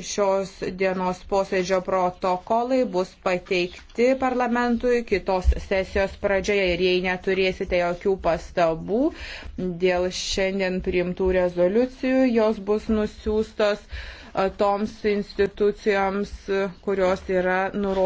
šios dienos posėdžio protokolai bus pateikti parlamentui kitos sesijos pradžioje ir jei neturėsite jokių pastabų dėl šiandien priimtų rezoliucijų, jos bus nusiųstos toms institucijoms, kurios yra nurodytos.